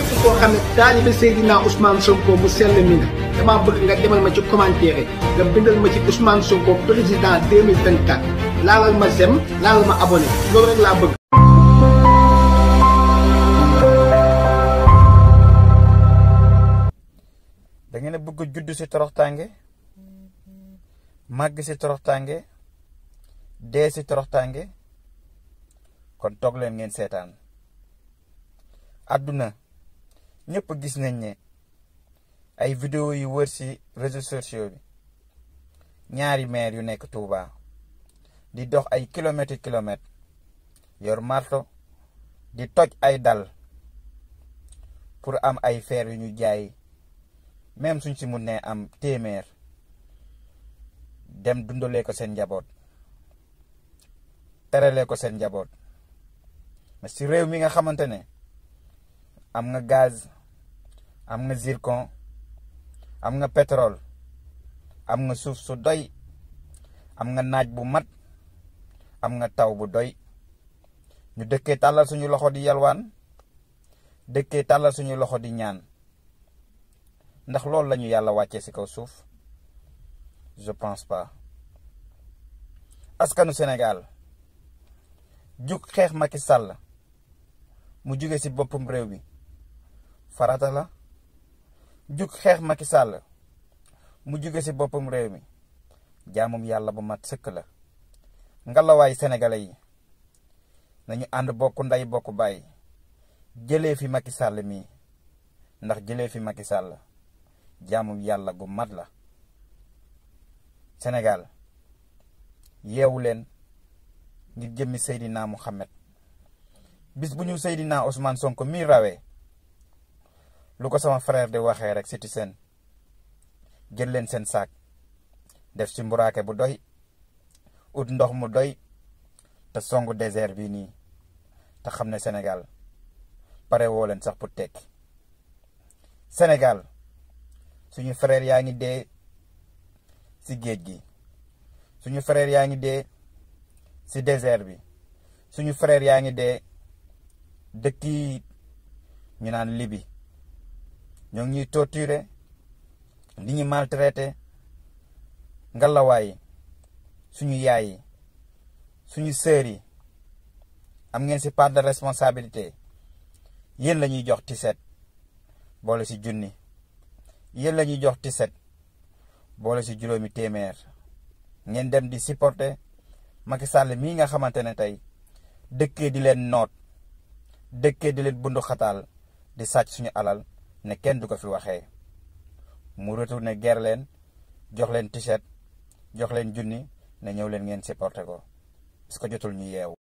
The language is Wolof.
képp koo xam ne taalibe Seydina Ousmane Sonko bu sel mi dama bëgg nga demal ma ci commentaire nga bindal ma ci Ousmane Sonko président 2024 laal ma sem laal ma abonné loolu rek la bëgg da ngeen a bëgg judd ci torox tangé mag ci torox tangé dé ci torox tangé kon tok leen ngeen sétane àdduna ñëpp gis nañ ne ay vidéo yu wër ci réseaux sociaux bi ñaari maire yu nekk Touba di dox ay kilomètres i kilomètres yor marto di toj ay dal pour am ay fer yu ñu jaay même suñ ci mun ne am téeméer dem dundalee ko seen njaboot teralee ko seen njaboot mais ci réew mi nga xamante ne am nga gaz am nga zircon am nga pétrole am nga suuf su doy am nga naaj bu mat am nga taw bu doy ñu dekké talal suñu loxo di yalwaan dekké talal suñu loxo di ñaan ndax lool lañu yalla wacce ci kaw souf je pense pas askanu Senegal, juk xex Macky Sall mu ci bopum réew bi farata la jug xeex Macky mu juge si boppam réew mi jaamum yàlla bu mat sëkk la ngalawaay sénégalais yi nañu ànd bokk ndey bokk bàyyi jëlee fi Macky Sall mii ndax jëlee fi Macky Sall jaamum yàlla gu mat la senegal yeewu leen ngir jëmmi Seydina Mouhamed bis bu ñu seydinaa Ousmane Sonko mii rawee lu ko sama frère di waxee rek siti seen jël leen seen saak def si mburaake bu doy ut ndox mu doy te songu désert bi nii te xam ne Sénégal pare woo leen sax pour tekki Sénégal suñu frère yaa ngi dee ci géej gi suñu frère yaa ngi dee ci désert bi suñu frère yaa ngi dee dëkk yi ñu naan Libi ñoo ngi ñuy torturer di ñu maltraiter ngalawaay suñu yaay yi suñu sœur yi am ngeen si part de responsabilité yéen la ñuy jox tiset boole ci junni yéen la ñuy jox tiset boole si juróomi téeméer ngeen dem di supporter Macky Sall mii nga xamante ne tey dëkkee di leen noot dëkkee di leen bundu xataal di sàcc suñu alal. ne kenn du ko fi waxee mu retourné ger leen jox leen t-shirt jox leen junni ne ñëw leen ngeen supporté ko parce que jotul ñu yeew